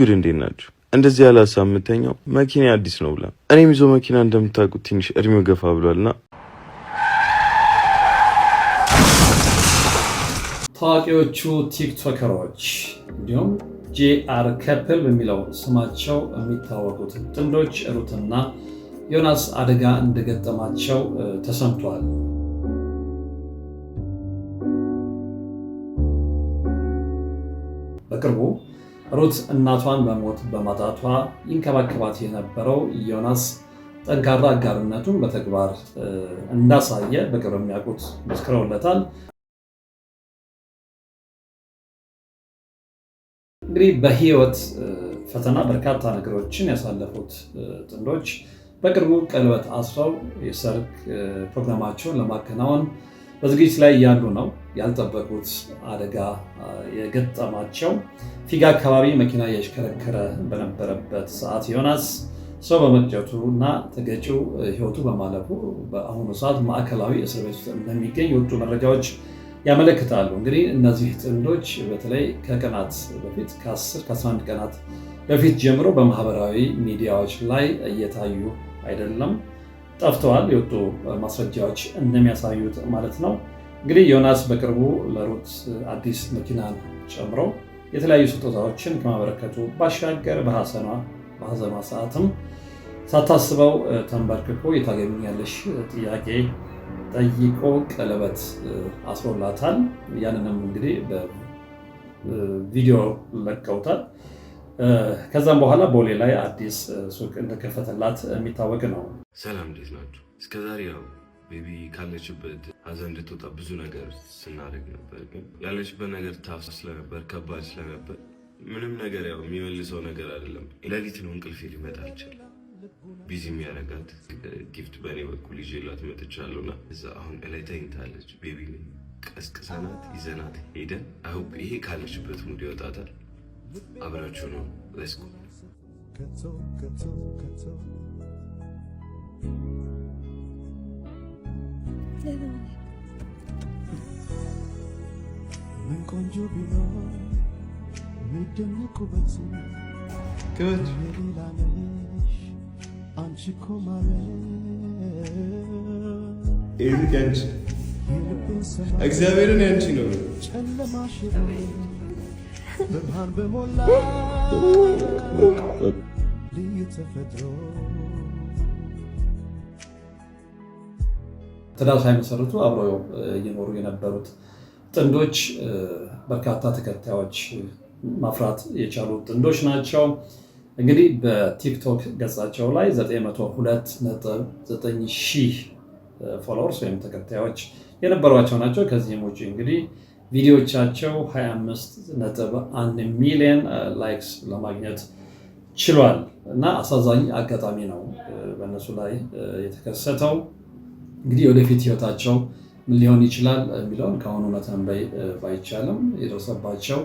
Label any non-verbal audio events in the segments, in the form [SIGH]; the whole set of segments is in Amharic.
ጉድ እንዴት ናችሁ? እንደዚህ ያለ ሀሳብ የምተኛው መኪና አዲስ ነው ብላ እኔም ይዞ መኪና እንደምታውቁት ትንሽ እድሜው ገፋ ብሏልና ታዋቂዎቹ ቲክቶከሮች እንዲሁም ጄአር ከፕል በሚለው ስማቸው የሚታወቁት ጥንዶች ሩትና ዮናስ አደጋ እንደገጠማቸው ተሰምቷል። በቅርቡ ሩት እናቷን በሞት በማጣቷ ይንከባከባት የነበረው ዮናስ ጠንካራ አጋርነቱን በተግባር እንዳሳየ በቅርብ የሚያውቁት መስክረውለታል። እንግዲህ በህይወት ፈተና በርካታ ነገሮችን ያሳለፉት ጥንዶች በቅርቡ ቀለበት አስረው የሰርግ ፕሮግራማቸውን ለማከናወን በዝግጅት ላይ እያሉ ነው ያልጠበቁት አደጋ የገጠማቸው። ፊጋ አካባቢ መኪና እያሽከረከረ በነበረበት ሰዓት ዮናስ ሰው በመቅጨቱ እና ተገጪው ህይወቱ በማለፉ በአሁኑ ሰዓት ማዕከላዊ እስር ቤት ውስጥ እንደሚገኝ የወጡ መረጃዎች ያመለክታሉ። እንግዲህ እነዚህ ጥንዶች በተለይ ከቀናት በፊት ከ10 ከ11 ቀናት በፊት ጀምሮ በማህበራዊ ሚዲያዎች ላይ እየታዩ አይደለም። ጠፍተዋል፣ የወጡ ማስረጃዎች እንደሚያሳዩት ማለት ነው። እንግዲህ ዮናስ በቅርቡ ለሩት አዲስ መኪና ጨምሮ የተለያዩ ስጦታዎችን ከማበረከቱ ባሻገር በሐዘኗ በሐዘኗ ሰዓትም ሳታስበው ተንበርክኮ የታገኛለሽ ጥያቄ ጠይቆ ቀለበት አስሮላታል። ያንንም እንግዲህ በቪዲዮ ለቀውታል። ከዛም በኋላ ቦሌ ላይ አዲስ ሱቅ እንደከፈተላት የሚታወቅ ነው። ሰላም፣ እንዴት ናቸው? እስከዛሬ ያው ቤቢ ካለችበት ሀዘን እንድትወጣ ብዙ ነገር ስናደርግ ነበር። ግን ያለችበት ነገር ታፍሳ ስለነበር ከባድ ስለነበር ምንም ነገር ያው የሚመልሰው ነገር አይደለም። ሌሊት ነው እንቅልፍ ሊመጣ ይችላል። ቢዚ የሚያደርጋት ጊፍት በእኔ በኩል ይዤላት መጥቻለሁና እዛ አሁን ላይ ተኝታለች። ቤቢ ቀስቅሰናት ይዘናት ሄደን ይሄ ካለችበት ሙድ ይወጣታል አብራችሁ ነው ለስኩ ምን ቆንጆ ቢኖር የሚደነቁበት ሌላ ነሽ አንቺ እኮ ማለት እግዚአብሔርን ያንቺ ነው ብርሃን በሞላ ልዩ ተፈጥሮ ትዳር ሳይመሰርቱ አብረው እየኖሩ የነበሩት ጥንዶች በርካታ ተከታዮች ማፍራት የቻሉ ጥንዶች ናቸው። እንግዲህ በቲክቶክ ገጻቸው ላይ 902.9 ሺህ ፎሎወርስ ወይም ተከታዮች የነበሯቸው ናቸው። ከዚህም ውጭ እንግዲህ ቪዲዮቻቸው 25.1 ሚሊዮን ላይክስ ለማግኘት ችሏል እና አሳዛኝ አጋጣሚ ነው uh, በእነሱ ላይ uh, የተከሰተው። እንግዲህ ወደፊት ህይወታቸው ምን ሊሆን ይችላል የሚለውን ከአሁኑ መተንበይ ባይቻልም የደረሰባቸው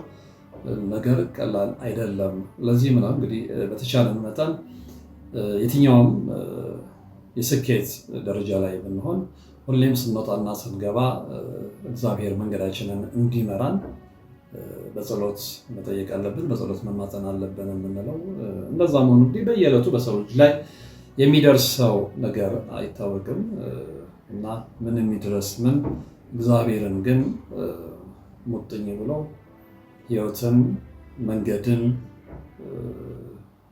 ነገር ቀላል አይደለም። ለዚህ ምነው እንግዲህ uh, በተቻለን መጠን የትኛውም የስኬት ደረጃ ላይ ብንሆን ሁሌም ስንወጣና ስንገባ እግዚአብሔር መንገዳችንን እንዲመራን በጸሎት መጠየቅ አለብን፣ በጸሎት መማፀን አለብን የምንለው እንደዛ መሆኑ እንግዲህ በየዕለቱ በሰው ልጅ ላይ የሚደርሰው ነገር አይታወቅም እና ምን የሚድረስ ምን እግዚአብሔርን ግን ሙጥኝ ብሎ ህይወትን፣ መንገድን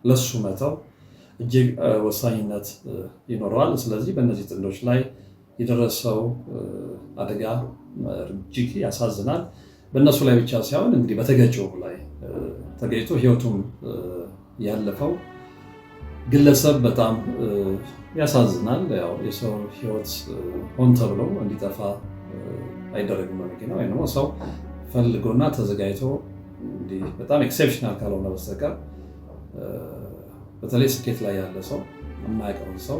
ለሱ መተው እጅግ ወሳኝነት ይኖረዋል። ስለዚህ በእነዚህ ጥንዶች ላይ የደረሰው አደጋ እጅግ ያሳዝናል። በእነሱ ላይ ብቻ ሳይሆን እንግዲህ በተገጨው ላይ ተገጭቶ ህይወቱም ያለፈው ግለሰብ በጣም ያሳዝናል። ያው የሰው ህይወት ሆን ተብሎ እንዲጠፋ አይደረግም። በመኪና ወይም ደግሞ ሰው ፈልጎና ተዘጋጅቶ በጣም ኤክሴፕሽናል ካልሆነ በስተቀር በተለይ ስኬት ላይ ያለ ሰው የማያውቀውን ሰው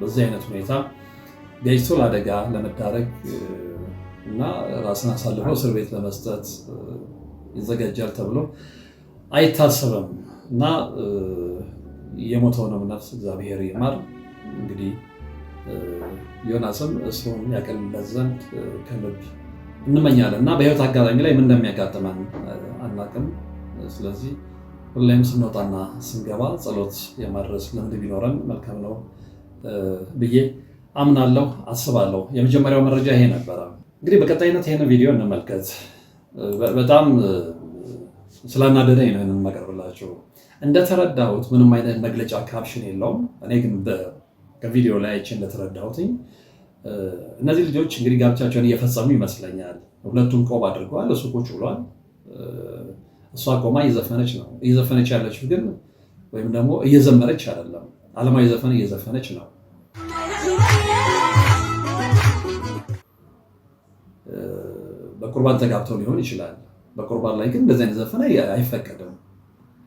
በዚህ አይነት ሁኔታ ገጭቶ ለአደጋ ለመዳረግ እና ራስን አሳልፎ እስር ቤት ለመስጠት ይዘጋጃል ተብሎ አይታሰብም እና የሞተውንም ነፍስ እግዚአብሔር ይማር። እንግዲህ ዮናስም እስሩን ያቀልለት ዘንድ ከልብ እንመኛለን እና በህይወት አጋጣሚ ላይ ምን እንደሚያጋጥመን አናቅም። ስለዚህ ሁሌም ስንወጣና ስንገባ ጸሎት የማድረስ ልምድ ቢኖረን መልካም ነው ብዬ አምናለሁ፣ አስባለሁ። የመጀመሪያው መረጃ ይሄ ነበረ። እንግዲህ በቀጣይነት ይሄን ቪዲዮ እንመልከት። በጣም ስላናደደ ይህንን የማቀርብላችሁ። እንደተረዳሁት ምንም አይነት መግለጫ ካፕሽን የለውም። እኔ ግን ከቪዲዮ ላይ አይቼ እንደተረዳሁትኝ እነዚህ ልጆች እንግዲህ ጋብቻቸውን እየፈጸሙ ይመስለኛል። ሁለቱም ቆብ አድርገዋል። እሱ ቁጭ ብሏል፣ እሷ ቆማ እየዘፈነች ነው። እየዘፈነች ያለችው ግን ወይም ደግሞ እየዘመረች አይደለም፣ አለማዊ ዘፈን እየዘፈነች ነው። በቁርባን ተጋብተው ሊሆን ይችላል። በቁርባን ላይ ግን እንደዚህ አይነት ዘፈን አይፈቀድም።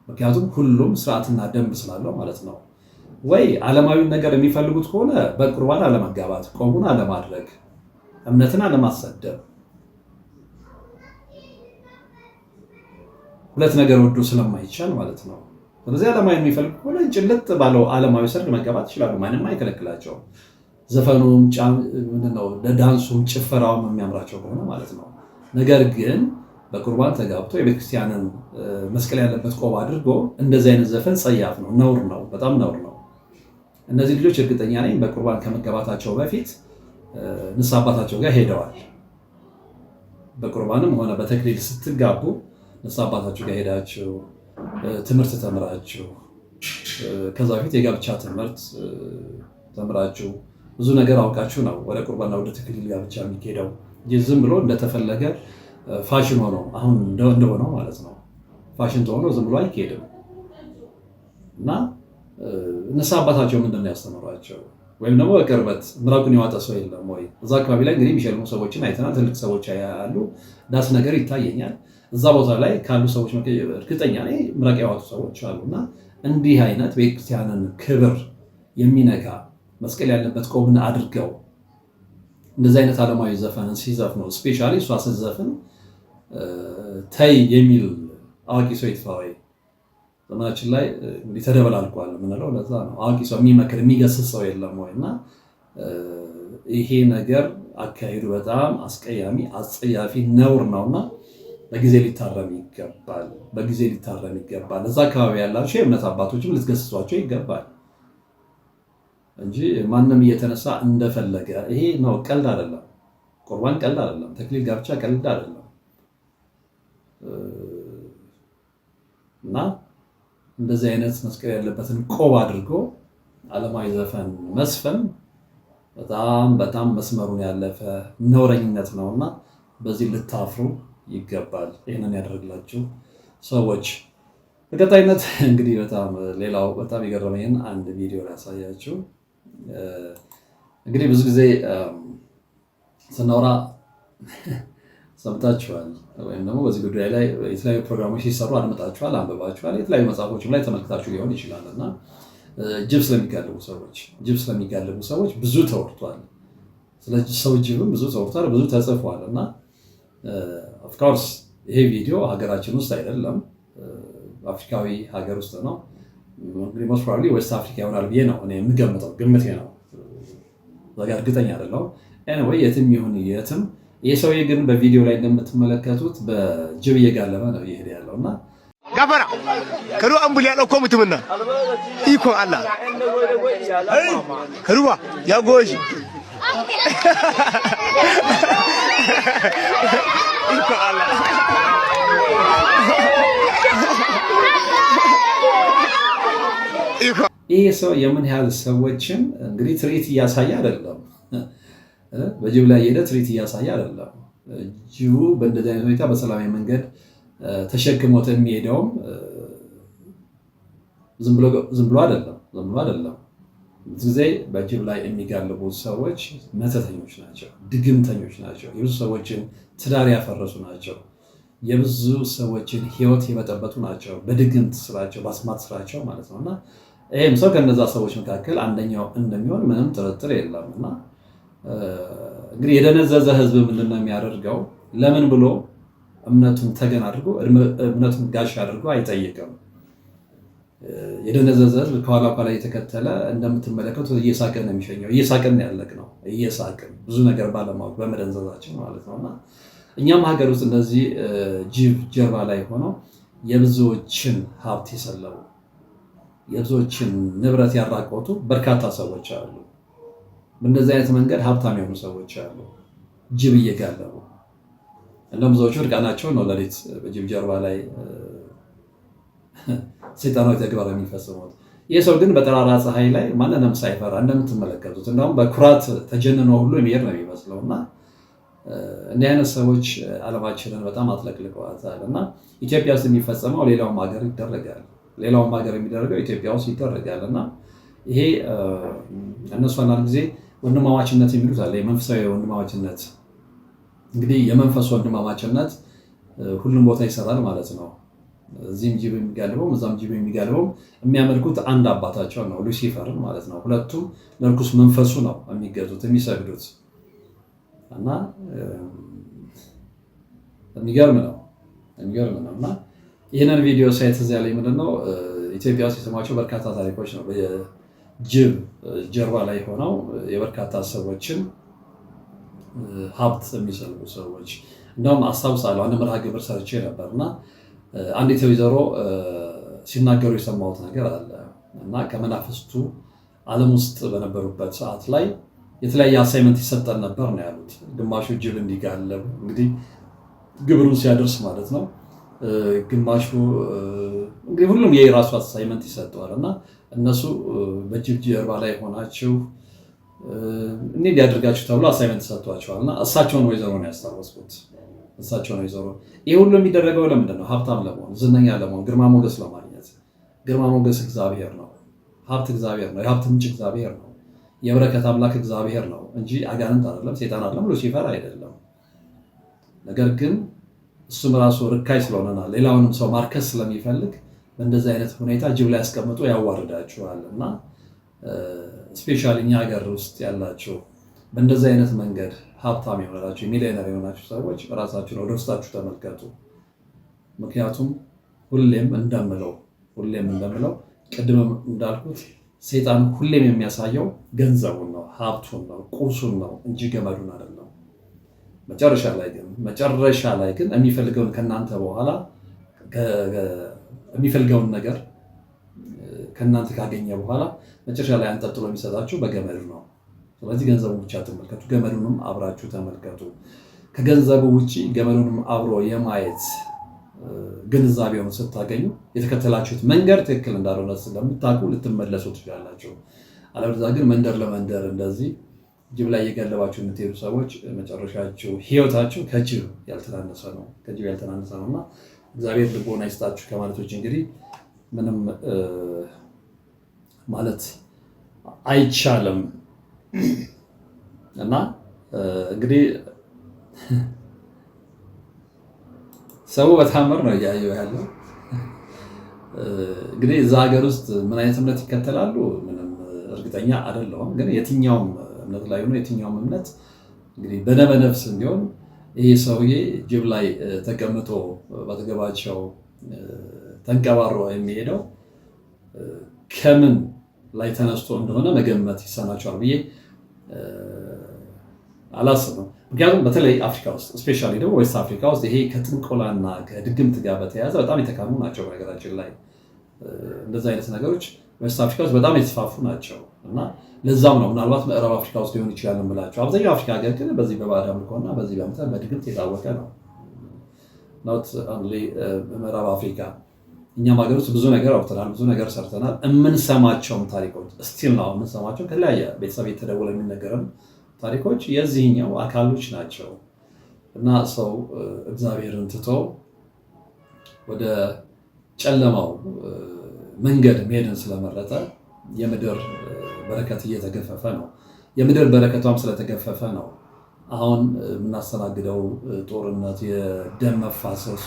ምክንያቱም ሁሉም ስርዓትና ደንብ ስላለው ማለት ነው። ወይ ዓለማዊን ነገር የሚፈልጉት ከሆነ በቁርባን አለመጋባት፣ ቆቡን አለማድረግ፣ እምነትን አለማሰደብ፣ ሁለት ነገር ወዶ ስለማይቻል ማለት ነው። ስለዚህ ዓለማዊ የሚፈልጉ ከሆነ ጭልጥ ባለው ዓለማዊ ሰርግ መጋባት ይችላሉ። ማንም አይከለክላቸውም። ዘፈኑም፣ ዳንሱም፣ ጭፈራውም የሚያምራቸው ከሆነ ማለት ነው። ነገር ግን በቁርባን ተጋብቶ የቤተክርስቲያንን መስቀል ያለበት ቆብ አድርጎ እንደዚህ አይነት ዘፈን ጸያፍ ነው፣ ነውር ነው፣ በጣም ነውር ነው። እነዚህ ልጆች እርግጠኛ ነኝ በቁርባን ከመገባታቸው በፊት ንስሐ አባታቸው ጋር ሄደዋል። በቁርባንም ሆነ በተክሊል ስትጋቡ ንስሐ አባታችሁ ጋር ሄዳችሁ ትምህርት ተምራችሁ ከዛ በፊት የጋብቻ ትምህርት ተምራችሁ ብዙ ነገር አውቃችሁ ነው ወደ ቁርባና ወደ ተክሊል ጋብቻ የሚሄደው። ዝም ብሎ እንደተፈለገ ፋሽን ሆኖ አሁን እንደሆነው ማለት ነው ፋሽን ተሆኖ ዝም ብሎ አይካሄድም። እና እነሳ አባታቸው ምንድን ነው ያስተምሯቸው? ወይም ደግሞ በቅርበት ምራቁን የዋጠ ሰው የለም ወይ? እዛ አካባቢ ላይ እንግዲህ የሚሸልሙ ሰዎችን አይተናል። ትልቅ ሰዎች ያሉ ዳስ ነገር ይታየኛል። እዛ ቦታ ላይ ካሉ ሰዎች እርግጠኛ ነኝ ምራቅ ያዋጡ ሰዎች አሉ። እና እንዲህ አይነት ቤተክርስቲያንን ክብር የሚነካ መስቀል ያለበት ቆብን አድርገው እንደዚህ አይነት ዓለማዊ ሲዘፍ ነው ስፔሻሊ እሷ ስትዘፍን ተይ የሚል አዋቂ ሰው ይጥፋ ዘመናችን ላይ እንግዲህ ተደበላልቋል የምንለው ለዛ ነው። አዋቂ ሰው የሚመክር የሚገስጽ ሰው የለም ወይ እና ይሄ ነገር አካሄዱ በጣም አስቀያሚ አጸያፊ ነውር ነውና በጊዜ ሊታረም ይገባል። በጊዜ ሊታረም ይገባል። እዛ አካባቢ ያላቸው የእምነት አባቶችም ልትገስጿቸው ይገባል። እንጂ ማንም እየተነሳ እንደፈለገ ይሄ ነው። ቀልድ አይደለም። ቁርባን ቀልድ አይደለም። ተክሊል ጋብቻ ቀልድ አይደለም። እና እንደዚህ አይነት መስቀል ያለበትን ቆብ አድርጎ አለማዊ ዘፈን መስፈን በጣም በጣም መስመሩን ያለፈ ነውረኝነት ነው እና በዚህ ልታፍሩ ይገባል። ይህንን ያደረግላችሁ ሰዎች በቀጣይነት እንግዲህ በጣም ሌላው በጣም የገረመኝን አንድ ቪዲዮ ላሳያችሁ። እንግዲህ ብዙ ጊዜ ስናወራ [LAUGHS] ሰምታችኋል ወይም ደግሞ በዚህ ጉዳይ ላይ የተለያዩ ፕሮግራሞች ሲሰሩ አድምጣችኋል፣ አንብባችኋል። የተለያዩ መጽሐፎችም ላይ ተመልክታችሁ ሊሆን ይችላል እና ጅብ ስለሚጋልቡ ሰዎች ጅብ ስለሚጋልቡ ሰዎች ብዙ ተወርቷል። ስለ ሰው ጅብም ብዙ ተወርቷል፣ ብዙ ተጽፏል እና ኦፍኮርስ ይሄ ቪዲዮ ሀገራችን ውስጥ አይደለም፣ አፍሪካዊ ሀገር ውስጥ ነው። ሞስት ፕሮባብሊ ዌስት አፍሪካ ይሆናል ብዬ ነው እኔ የምገምጠው፣ ግምቴ ነው። ዛጋ እርግጠኛ አይደለሁም። ኤኒዌይ የትም ይሁን የትም ይህ ሰውዬ ግን በቪዲዮ ላይ እንደምትመለከቱት በጅብ እየጋለበ ነው እየሄደ ያለው እና ጋፈራ ከዱ አንቡል ያለው እኮ ምትምና ኢኮ አላ ከዱባ ያጎሽ ይህ ሰው የምን ያህል ሰዎችን እንግዲህ ትርኢት እያሳየ አይደለም። በጅብ ላይ የሄደ ትርኢት እያሳየ አይደለም። ጅቡ በእንደዚህ አይነት ሁኔታ በሰላማዊ መንገድ ተሸክሞት የሚሄደውም ዝም ብሎ አይደለም። ዝም ብሎ አይደለም። ብዙ ጊዜ በጅብ ላይ የሚጋልቡ ሰዎች መተተኞች ናቸው፣ ድግምተኞች ናቸው፣ የብዙ ሰዎችን ትዳር ያፈረሱ ናቸው፣ የብዙ ሰዎችን ህይወት የመጠበቱ ናቸው። በድግምት ስራቸው፣ በአስማት ስራቸው ማለት ነው እና ይህም ሰው ከነዛ ሰዎች መካከል አንደኛው እንደሚሆን ምንም ጥርጥር የለም። እና እንግዲህ የደነዘዘ ህዝብ ምንድን ነው የሚያደርገው? ለምን ብሎ እምነቱን ተገን አድርጎ እምነቱን ጋሽ አድርጎ አይጠይቅም። የደነዘዘ ህዝብ ከኋላ ኋላ እየተከተለ እንደምትመለከቱ እየሳቅን ነው የሚሸኘው። እየሳቅን ያለቅ ነው እየሳቅን ብዙ ነገር ባለማወቅ በመደንዘዛችን ማለት ነው። እና እኛም ሀገር ውስጥ እነዚህ ጅብ ጀርባ ላይ ሆነው የብዙዎችን ሀብት የሰለቡ የብዙዎችን ንብረት ያራቆቱ በርካታ ሰዎች አሉ። በእንደዚህ አይነት መንገድ ሀብታም የሆኑ ሰዎች አሉ፣ ጅብ እየጋለቡ እንደም ብዙዎቹ እርቃናቸው ነው ሌሊት በጅብ ጀርባ ላይ [LAUGHS] ሰይጣናዊ ተግባር የሚፈጽሙት። ይህ ሰው ግን በጠራራ ፀሐይ ላይ ማንንም ሳይፈራ እንደምትመለከቱት እንደውም በኩራት ተጀንኖ ሁሉ የሚሄድ ነው የሚመስለው እና እንዲህ አይነት ሰዎች አለማችንን በጣም አጥለቅልቀዋታል እና ኢትዮጵያ ውስጥ የሚፈጸመው ሌላውም ሀገር ይደረጋል። ሌላውም ሀገር የሚደረገው ኢትዮጵያ ውስጥ ይደረጋል እና ይሄ እነሱ አንዳንድ ጊዜ ወንድማማችነት የሚሉት አለ። የመንፈሳዊ ወንድማማችነት እንግዲህ የመንፈስ ወንድማማችነት ሁሉም ቦታ ይሰራል ማለት ነው። እዚህም ጅብ የሚጋልበው እዛም ጅብ የሚጋልበው የሚያመልኩት አንድ አባታቸው ነው፣ ሉሲፈርን ማለት ነው። ሁለቱም ለርኩስ መንፈሱ ነው የሚገዙት የሚሰግዱት እና የሚገርም ነው የሚገርም ነው እና ይህንን ቪዲዮ ሳይት እዚያ ላይ ምንድነው ኢትዮጵያ ውስጥ የሰማቸው በርካታ ታሪኮች ነው። ጅብ ጀርባ ላይ ሆነው የበርካታ ሰዎችን ሀብት የሚሰልቡ ሰዎች እንደውም አስታውሳለሁ። አንድ መርሃ ግብር ሰርቼ ነበር እና አንዲት ወይዘሮ ሲናገሩ የሰማሁት ነገር አለ እና ከመናፍስቱ ዓለም ውስጥ በነበሩበት ሰዓት ላይ የተለያየ አሳይመንት ይሰጠን ነበር ነው ያሉት። ግማሹ ጅብ እንዲጋለብ እንግዲህ ግብሩን ሲያደርስ ማለት ነው ግማሹ እንግዲህ ሁሉም የራሱ አሳይመንት ይሰጠዋል እና እነሱ በጅብ ጀርባ ላይ ሆናችሁ እኔ ሊያደርጋችሁ ተብሎ አሳይመንት ሰጥቷቸዋል እና እሳቸውን ወይዘሮ ነው ያስታወስኩት። እሳቸውን ወይዘሮ ይህ ሁሉ የሚደረገው ለምንድን ነው? ሀብታም ለመሆን፣ ዝነኛ ለመሆን፣ ግርማ ሞገስ ለማግኘት። ግርማ ሞገስ እግዚአብሔር ነው። ሀብት እግዚአብሔር ነው። የሀብት ምንጭ እግዚአብሔር ነው። የበረከት አምላክ እግዚአብሔር ነው እንጂ አጋንንት አይደለም፣ ሴጣን አይደለም፣ ሉሲፈር አይደለም። ነገር ግን እሱም ራሱ ርካይ ስለሆነና ሌላውንም ሰው ማርከስ ስለሚፈልግ በእንደዚህ አይነት ሁኔታ ጅብ ላይ ያስቀምጡ ያዋርዳችኋል እና ስፔሻሊ እኛ ሀገር ውስጥ ያላችሁ በእንደዚህ አይነት መንገድ ሀብታም የሆናችሁ ሚሊዮነር የሆናችሁ ሰዎች ራሳችሁን ወደ ውስጣችሁ ተመልከቱ። ምክንያቱም ሁሌም እንደምለው ሁሌም እንደምለው ቅድምም እንዳልኩት ሴጣን ሁሌም የሚያሳየው ገንዘቡን ነው፣ ሀብቱን ነው፣ ቁሱን ነው እንጂ ገመዱን አይደለም። መጨረሻ ላይ ግን መጨረሻ ላይ ግን የሚፈልገውን ከእናንተ በኋላ የሚፈልገውን ነገር ከእናንተ ካገኘ በኋላ መጨረሻ ላይ አንጠጥሎ የሚሰጣችሁ በገመዱ ነው። ስለዚህ ገንዘቡን ብቻ ተመልከቱ፣ ገመዱንም አብራችሁ ተመልከቱ። ከገንዘቡ ውጭ ገመዱንም አብሮ የማየት ግንዛቤውን ስታገኙ የተከተላችሁት መንገድ ትክክል እንዳልሆነ ስለምታውቁ ልትመለሱ ትችላላችሁ። አለበለዚያ ግን መንደር ለመንደር እንደዚህ ጅብ ላይ እየጋለባችሁ የምትሄዱ ሰዎች መጨረሻችሁ ህይወታችሁ ከጅብ ያልተናነሰ ነው፣ ከጅብ ያልተናነሰ ነው እና እግዚአብሔር ልቦና ይስጣችሁ ከማለቶች እንግዲህ ምንም ማለት አይቻልም እና እንግዲህ ሰው በታምር ነው እያየው ያለው። እንግዲህ እዛ ሀገር ውስጥ ምን አይነት እምነት ይከተላሉ ምንም እርግጠኛ አይደለሁም፣ ግን የትኛውም እምነት ላይ ሆኖ የትኛውም እምነት እንግዲህ በደመ ነፍስ እንዲሆን ይህ ሰውዬ ጅብ ላይ ተቀምጦ በተገባቸው ተንቀባሮ የሚሄደው ከምን ላይ ተነስቶ እንደሆነ መገመት ይሰናቸዋል ብዬ አላስብም። ምክንያቱም በተለይ አፍሪካ ውስጥ እስፔሻሊ ደግሞ ዌስት አፍሪካ ውስጥ ይሄ ከጥንቆላና ከድግምት ጋር በተያያዘ በጣም የተካኑ ናቸው። በነገራችን ላይ እንደዚህ አይነት ነገሮች ዌስት አፍሪካ ውስጥ በጣም የተስፋፉ ናቸው እና ለዛም ነው ምናልባት ምዕራብ አፍሪካ ውስጥ ሊሆን ይችላል ምላቸው። አብዛኛው አፍሪካ ሀገር ግን በዚህ በባዕድ አምልኮና በዚህ በምተ በድግምት የታወቀ ነው። ኖት ኦንሊ uh, ምዕራብ አፍሪካ እኛም ሀገር ውስጥ ብዙ ነገር አውጥተናል፣ ብዙ ነገር ሰርተናል። የምንሰማቸውም ታሪኮች ስቲል ነው የምንሰማቸው። ከተለያየ ቤተሰብ የተደወለ የሚነገረን ታሪኮች የዚህኛው አካሎች ናቸው እና ሰው uh, እግዚአብሔርን ትቶ ወደ ጨለማው uh, መንገድ መሄድን ስለመረጠ የምድር በረከት እየተገፈፈ ነው። የምድር በረከቷም ስለተገፈፈ ነው አሁን የምናስተናግደው ጦርነት፣ የደም መፋሰሱ፣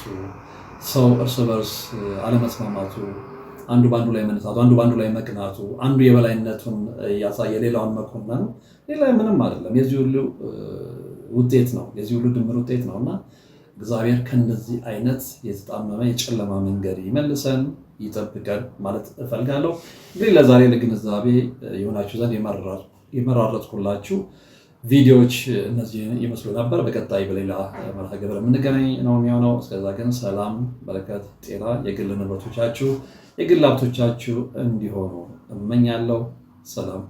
ሰው እርስ በርስ አለመስማማቱ፣ አንዱ በአንዱ ላይ መነሳቱ፣ አንዱ በአንዱ ላይ መቅናቱ፣ አንዱ የበላይነቱን እያሳየ ሌላውን መኮነን ሌላ ምንም አይደለም። የዚህ ሁሉ ውጤት ነው። የዚህ ሁሉ ድምር ውጤት ነው እና እግዚአብሔር ከእንደዚህ አይነት የተጣመመ የጨለማ መንገድ ይመልሰን ይጠብቀን ማለት እፈልጋለሁ። እንግዲህ ለዛሬ ለግንዛቤ የሆናችሁ ዘንድ የመራረጥኩላችሁ ቪዲዮዎች እነዚህ ይመስሉ ነበር። በቀጣይ በሌላ መርሃ ግብር የምንገናኝ ነው የሚሆነው። እስከዛ ግን ሰላም፣ በረከት፣ ጤና የግል ንብረቶቻችሁ የግል ሀብቶቻችሁ እንዲሆኑ እመኛለሁ። ሰላም